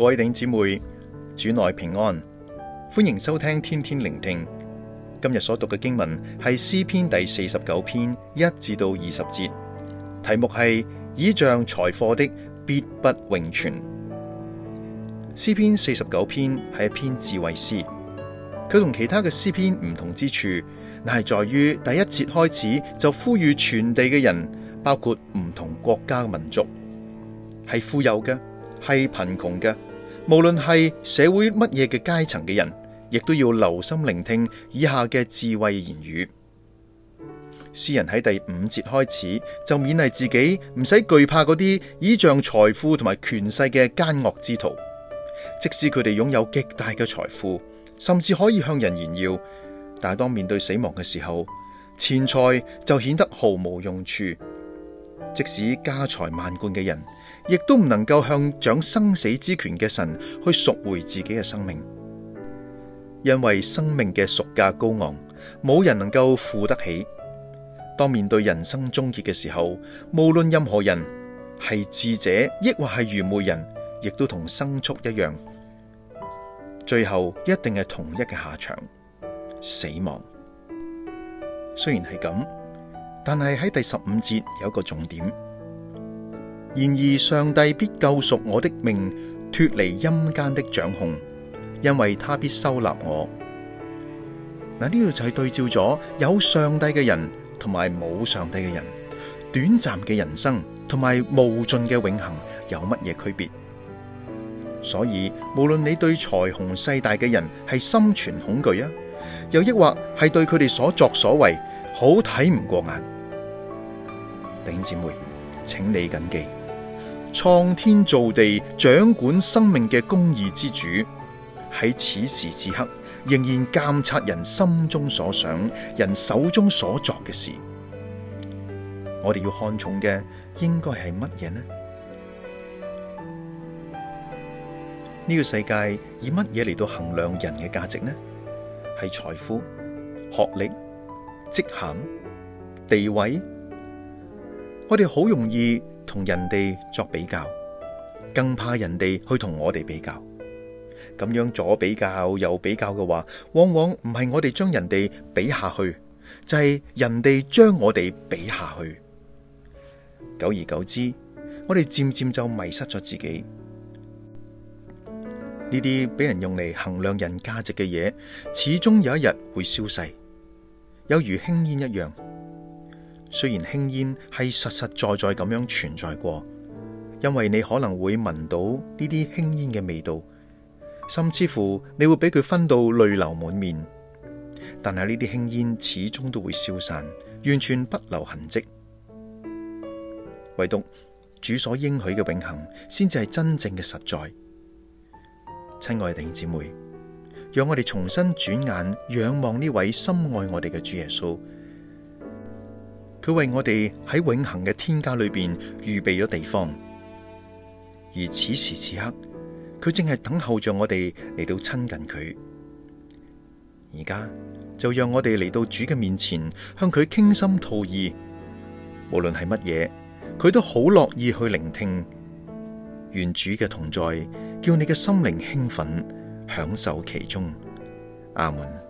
各位弟兄姊妹，主內平安，歡迎收聽天天靈聽。今日所讀嘅經文係詩篇第四十九篇一至到二十節，題目係倚仗財貨的必不永存。詩篇四十九篇係一篇智慧詩，佢同其他嘅詩篇唔同之處，乃係在於第一節開始就呼籲全地嘅人，包括唔同國家嘅民族，係富有嘅，係貧窮嘅。無論係社會乜嘢嘅階層嘅人，亦都要留心聆聽以下嘅智慧言語。詩人喺第五節開始就勉勵自己，唔使懼怕嗰啲倚仗財富同埋權勢嘅奸惡之徒，即使佢哋擁有極大嘅財富，甚至可以向人炫耀，但係當面對死亡嘅時候，錢財就顯得毫無用處。即使家財萬貫嘅人，亦都唔能夠向掌生死之權嘅神去贖回自己嘅生命，因為生命嘅贖價高昂，冇人能夠付得起。當面對人生終結嘅時候，無論任何人係智者，亦或係愚昧人，亦都同牲畜一樣，最後一定係同一嘅下場——死亡。雖然係咁，但係喺第十五節有一個重點。然而上帝必救贖我的命，脫離陰間的掌控，因為他必收納我。嗱，呢度就係對照咗有上帝嘅人同埋冇上帝嘅人，短暫嘅人生同埋無盡嘅永恆有乜嘢區別？所以無論你對財雄勢大嘅人係心存恐懼啊，又抑或係對佢哋所作所為好睇唔過眼，弟兄姊妹，請你謹記。創天造地、掌管生命嘅公義之主，喺此時此刻仍然監察人心中所想、人手中所作嘅事。我哋要看重嘅應該係乜嘢呢？呢個世界以乜嘢嚟到衡量人嘅價值呢？係財富、學歷、職銜、地位，我哋好容易，同人哋作比較，更怕人哋去同我哋比較。咁樣左比較右比較嘅話，往往唔係我哋將人哋比下去，就係人哋將我哋比下去。久而久之，我哋漸漸就迷失咗自己。呢啲俾人用嚟衡量人價值嘅嘢，始終有一日會消逝，有如輕煙一樣。雖然輕煙係實實在在咁樣存在過，因為你可能會聞到呢啲輕煙嘅味道，甚至乎你會俾佢燻到淚流滿面。但係呢啲輕煙始終都會消散，完全不留痕跡。唯獨主所應許嘅永恆，先至係真正嘅實在。親愛弟兄姊妹，讓我哋重新轉眼仰望呢位深愛我哋嘅主耶穌。佢為我哋喺永恆嘅天家裏邊預備咗地方，而此時此刻，佢正係等候着我哋嚟到親近佢。而家就讓我哋嚟到主嘅面前，向佢傾心吐意，無論係乜嘢，佢都好樂意去聆聽。願主嘅同在，叫你嘅心靈興奮，享受其中。阿門。